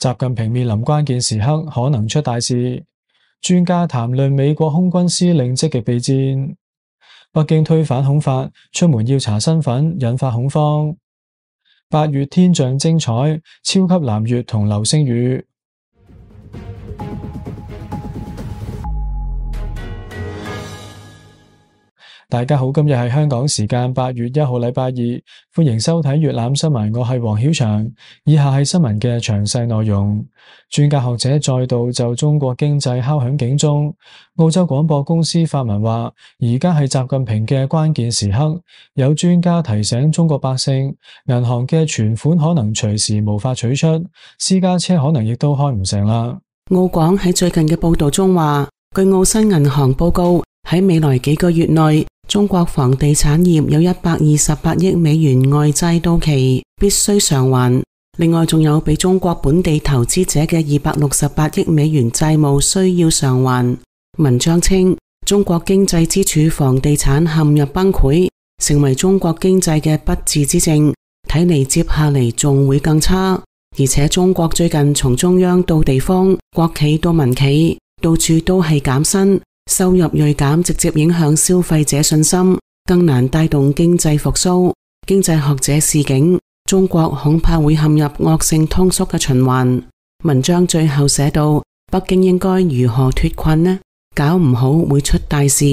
習近平面臨關鍵時刻，可能出大事，專家談論美國空軍司令積極備戰。北京推反恐法，出門要查身份，引發恐慌。八月天象精彩，超級藍月同流星雨。大家好，今日係香港時間八月一號禮拜二，歡迎收睇閱覽新聞，我係黃曉翔。以下係新聞嘅詳細內容：專家學者再度就中國經濟敲響警鐘。澳洲廣播公司發文話，而家係習近平嘅關鍵時刻，有專家提醒中國百姓，銀行嘅存款可能隨時無法取出，私家車可能亦都開唔成啦。澳廣喺最近嘅報道中話，據澳新銀行報告喺未來幾個月內。中國房地產業有一百二十八億美元外債到期，必須償還。另外，仲有俾中國本地投資者嘅二百六十八億美元債務需要償還。文章稱，中國經濟支柱房地產陷入崩潰，成為中國經濟嘅不治之症。睇嚟，接下嚟仲會更差。而且，中國最近從中央到地方，國企到民企，到處都係減薪。收入銳減，直接影響消費者信心，更難帶動經濟復甦。經濟學者示警：中國恐怕會陷入惡性通縮嘅循環。文章最後寫道：北京應該如何脫困呢？搞唔好會出大事。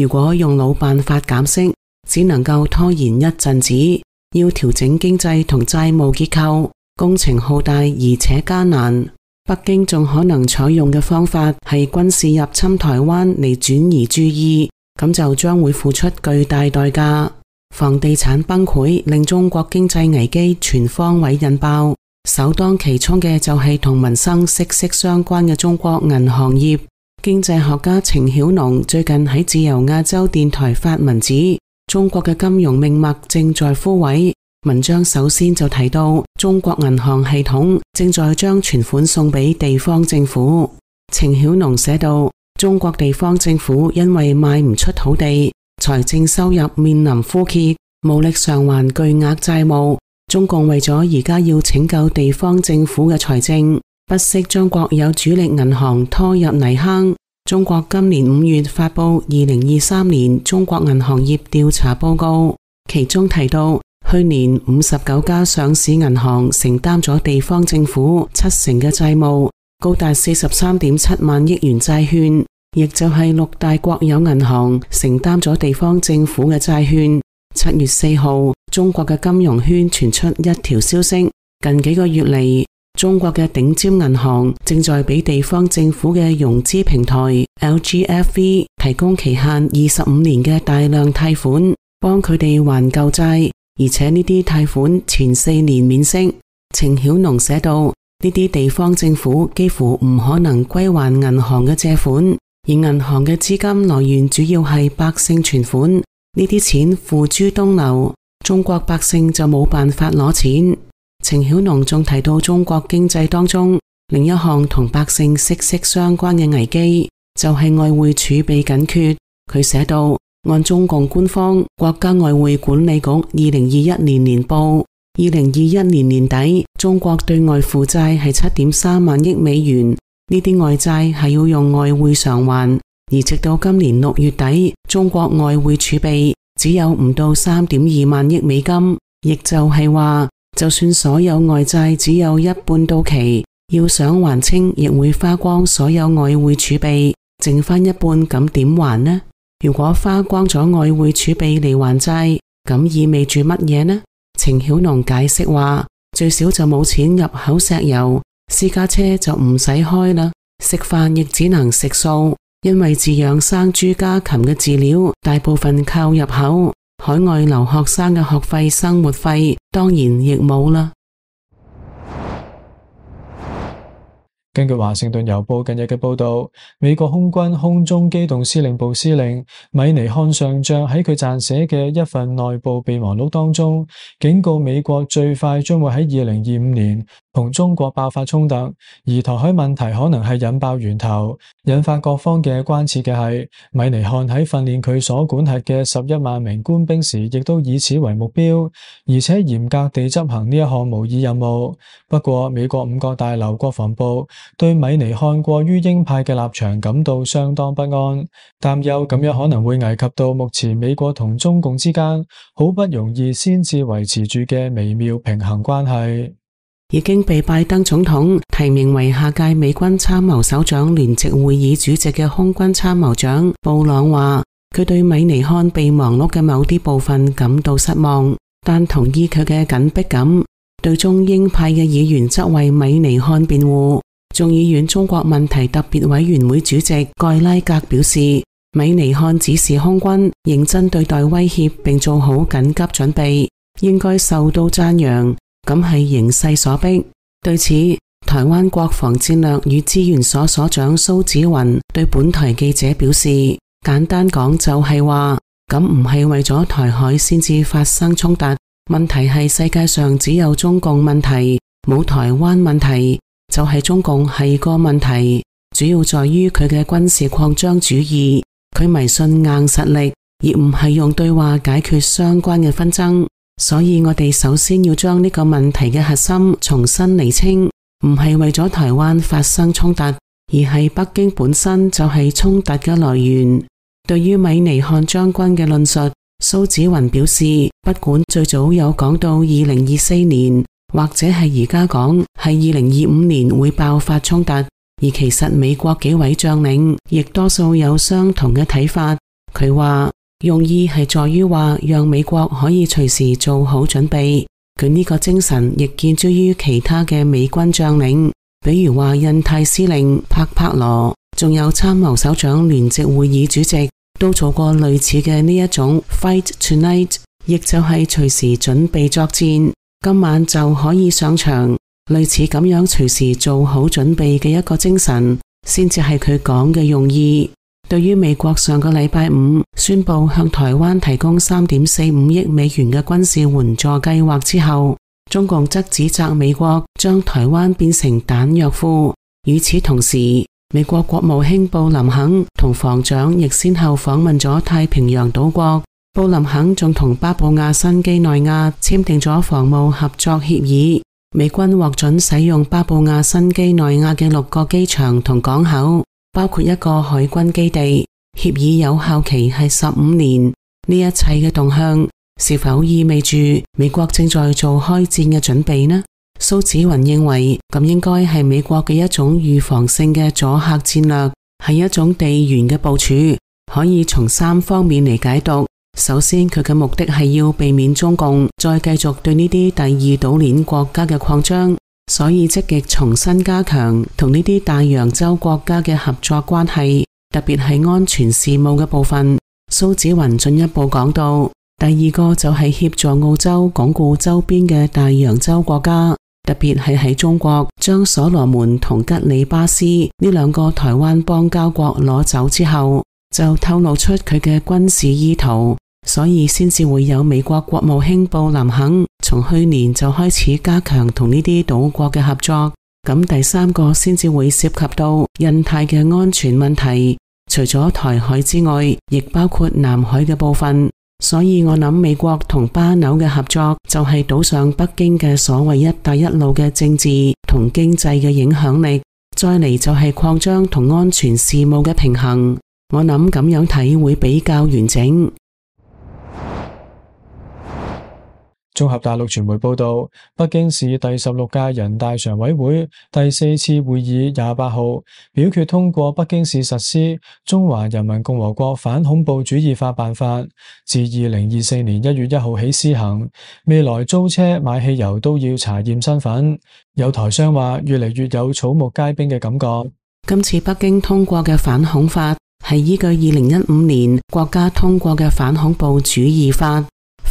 如果用老辦法減息，只能夠拖延一陣子。要調整經濟同債務結構，工程浩大而且艱難。北京仲可能採用嘅方法係軍事入侵台灣嚟轉移注意，咁就將會付出巨大代價。房地產崩潰令中國經濟危機全方位引爆，首當其衝嘅就係同民生息息相關嘅中國銀行業。經濟學家程曉農最近喺自由亞洲電台發文指，中國嘅金融命脈正在枯萎。文章首先就提到，中國銀行系統正在將存款送俾地方政府。程曉農寫道，中國地方政府因為賣唔出土地，財政收入面臨枯竭，無力償還巨額債務。中共為咗而家要拯救地方政府嘅財政，不惜將國有主力銀行拖入泥坑。中國今年五月發布《二零二三年中國銀行業調查報告》，其中提到。去年五十九家上市銀行承擔咗地方政府七成嘅債務，高達四十三點七萬億元債券，亦就係六大國有銀行承擔咗地方政府嘅債券。七月四號，中國嘅金融圈傳出一條消息，近幾個月嚟，中國嘅頂尖銀行正在俾地方政府嘅融資平台 LGFV 提供期限二十五年嘅大量貸款，幫佢哋還舊債。而且呢啲貸款前四年免息，程曉農寫道，呢啲地方政府幾乎唔可能歸還銀行嘅借款，而銀行嘅資金來源主要係百姓存款，呢啲錢付諸東流，中國百姓就冇辦法攞錢。程曉農仲提到中國經濟當中另一項同百姓息息，息相關嘅危機，就係、是、外匯儲備緊缺。佢寫道。按中共官方國家外匯管理局二零二一年年報，二零二一年年底中國對外負債係七點三萬億美元，呢啲外債係要用外匯償還。而直到今年六月底，中國外匯儲備只有唔到三點二萬億美金，亦就係話，就算所有外債只有一半到期，要想還清，亦會花光所有外匯儲備，剩翻一半，咁點還呢？如果花光咗外匯儲備嚟還債，咁意味住乜嘢呢？程曉農解釋話，最少就冇錢入口石油，私家車就唔使開啦，食飯亦只能食素，因為自養生豬家禽嘅飼料大部分靠入口，海外留學生嘅學費生活費當然亦冇啦。根據華盛頓郵報近日嘅報道，美國空軍空中機動司令部司令米尼漢上將喺佢撰寫嘅一份內部備忘錄當中，警告美國最快將會喺二零二五年，同中國爆發衝突，而台海問題可能係引爆源頭，引發各方嘅關切嘅係米尼漢喺訓練佢所管轄嘅十一萬名官兵時，亦都以此為目標，而且嚴格地執行呢一項模擬任務。不過，美國五角大樓國防部對米尼漢過於鷹派嘅立場感到相當不安，擔憂咁樣可能會危及到目前美國同中共之間好不容易先至維持住嘅微妙平衡關係。已經被拜登總統提名為下屆美軍參謀首長聯席會議主席嘅空軍參謀長布朗話，佢對米尼漢備忘錄嘅某啲部分感到失望，但同意佢嘅緊迫感。對中英派嘅議員則為米尼漢辯護。眾議院中國問題特別委員會主席蓋拉格表示，米尼漢指示空軍認真對待威脅，並做好緊急準備，應該受到讚揚。咁係形勢所迫。對此，台灣國防戰略與資源所所長蘇紫雲對本台記者表示：簡單講就係話，咁唔係為咗台海先至發生衝突。問題係世界上只有中共問題，冇台灣問題。就係、是、中共係個問題，主要在於佢嘅軍事擴張主義，佢迷信硬實力，而唔係用對話解決相關嘅紛爭。所以我哋首先要將呢個問題嘅核心重新厘清，唔係為咗台灣發生衝突，而係北京本身就係衝突嘅來源。對於米尼漢將軍嘅論述，蘇紫雲表示，不管最早有講到二零二四年，或者係而家講係二零二五年會爆發衝突，而其實美國幾位將領亦多數有相同嘅睇法。佢話。用意係在於話，讓美國可以隨時做好準備。佢呢個精神亦建基於其他嘅美軍將領，比如話印太司令帕帕羅，仲有參謀首長聯席會議主席，都做過類似嘅呢一種 fight tonight，亦就係隨時準備作戰，今晚就可以上場。類似咁樣隨時做好準備嘅一個精神，先至係佢講嘅用意。對於美國上個禮拜五宣布向台灣提供三點四五億美元嘅軍事援助計劃之後，中共則指責美國將台灣變成彈藥庫。與此同時，美國國務卿布林肯同防長亦先後訪問咗太平洋島國。布林肯仲同巴布亞新幾內亞簽訂咗防務合作協議，美軍獲准使用巴布亞新幾內亞嘅六個機場同港口。包括一個海軍基地協議，有效期係十五年。呢一切嘅動向是否意味住美國正在做開戰嘅準備呢？蘇紫雲認為咁應該係美國嘅一種預防性嘅阻嚇戰略，係一種地緣嘅部署，可以從三方面嚟解讀。首先，佢嘅目的係要避免中共再繼續對呢啲第二島鏈國家嘅擴張。所以積極重新加強同呢啲大洋洲國家嘅合作關係，特別係安全事務嘅部分。蘇紫雲進一步講到，第二個就係協助澳洲鞏固周邊嘅大洋洲國家，特別係喺中國將所羅門同吉里巴斯呢兩個台灣邦交國攞走之後，就透露出佢嘅軍事意圖，所以先至會有美國國務卿布林肯。從去年就開始加強同呢啲島國嘅合作，咁第三個先至會涉及到印太嘅安全問題，除咗台海之外，亦包括南海嘅部分。所以我諗美國同巴紐嘅合作就係賭上北京嘅所謂一帶一路嘅政治同經濟嘅影響力，再嚟就係擴張同安全事務嘅平衡。我諗咁樣睇會比較完整。綜合大陸傳媒報道，北京市第十六屆人大常委會第四次會議廿八號表決通過北京市實施《中華人民共和國反恐怖主義法》辦法，自二零二四年一月一號起施行。未來租車買汽油都要查驗身份。有台商話：越嚟越有草木皆兵嘅感覺。今次北京通過嘅反恐法係依據二零一五年國家通過嘅反恐怖主義法。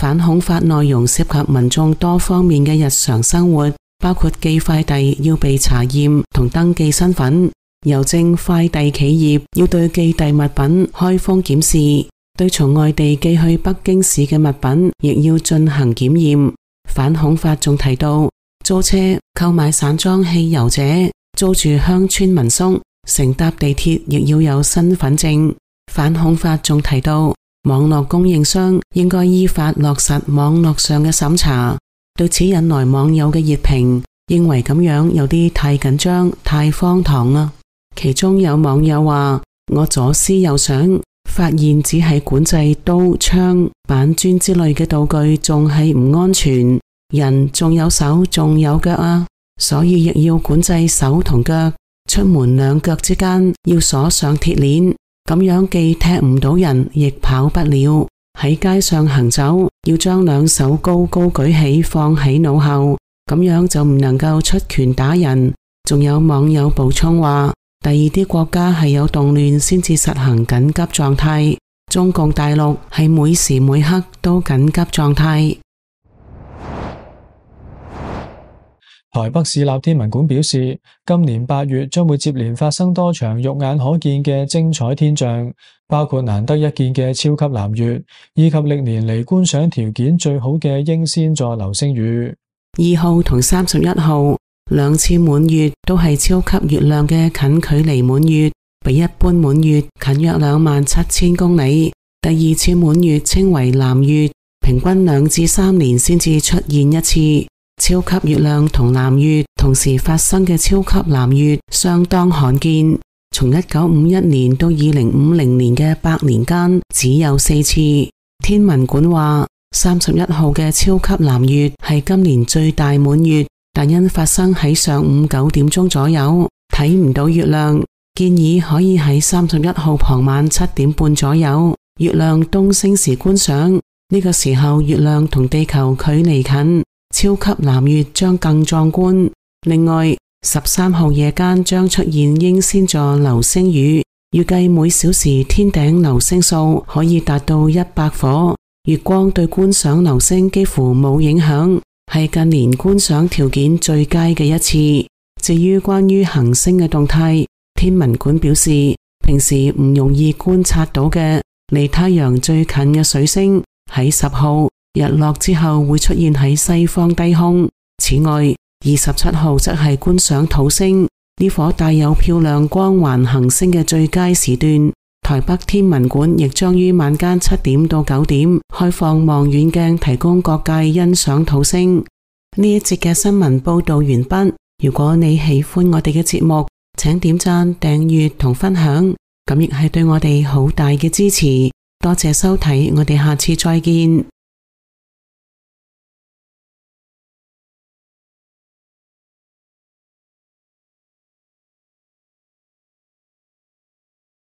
反恐法內容涉及民眾多方面嘅日常生活，包括寄快遞要被查驗同登記身份，郵政快遞企業要對寄遞物品開封檢視，對從外地寄去北京市嘅物品亦要進行檢驗。反恐法仲提到，租車、購買散裝汽油者、租住鄉村民宿、乘搭地鐵亦要有身份證。反恐法仲提到。網絡供應商應該依法落實網絡上嘅審查，對此引來網友嘅熱評，認為咁樣有啲太緊張、太荒唐啦。其中有網友話：我左思右想，發現只係管制刀槍、板磚之類嘅道具，仲係唔安全，人仲有手，仲有腳啊，所以亦要管制手同腳，出門兩腳之間要鎖上鐵鏈。咁樣既踢唔到人，亦跑不了。喺街上行走，要將兩手高高舉起放喺腦後，咁樣就唔能夠出拳打人。仲有網友補充話，第二啲國家係有動亂先至實行緊急狀態，中共大陸係每時每刻都緊急狀態。台北市立天文館表示，今年八月將會接連發生多場肉眼可見嘅精彩天象，包括難得一見嘅超級藍月，以及歷年嚟觀賞條件最好嘅英仙座流星雨。二號同三十一號兩次滿月都係超級月亮嘅近距離滿月，比一般滿月近約兩萬七千公里。第二次滿月稱為藍月，平均兩至三年先至出現一次。超級月亮同藍月同時發生嘅超級藍月相當罕見，從一九五一年到二零五零年嘅百年間只有四次。天文館話，三十一號嘅超級藍月係今年最大滿月，但因發生喺上午九點鐘左右，睇唔到月亮，建議可以喺三十一號傍晚七點半左右月亮東升時觀賞，呢個時候月亮同地球距離近。超級藍月將更壯觀。另外，十三號夜間將出現英仙座流星雨，預計每小時天頂流星數可以達到一百顆。月光對觀賞流星幾乎冇影響，係近年觀賞條件最佳嘅一次。至於關於行星嘅動態，天文館表示，平時唔容易觀察到嘅離太陽最近嘅水星喺十號。日落之後會出現喺西方低空。此外，二十七號則係觀賞土星呢顆帶有漂亮光環行星嘅最佳時段。台北天文館亦將於晚間七點到九點開放望遠鏡，提供各界欣賞土星。呢一節嘅新聞報道完畢。如果你喜歡我哋嘅節目，請點讚、訂閱同分享，咁亦係對我哋好大嘅支持。多謝收睇，我哋下次再見。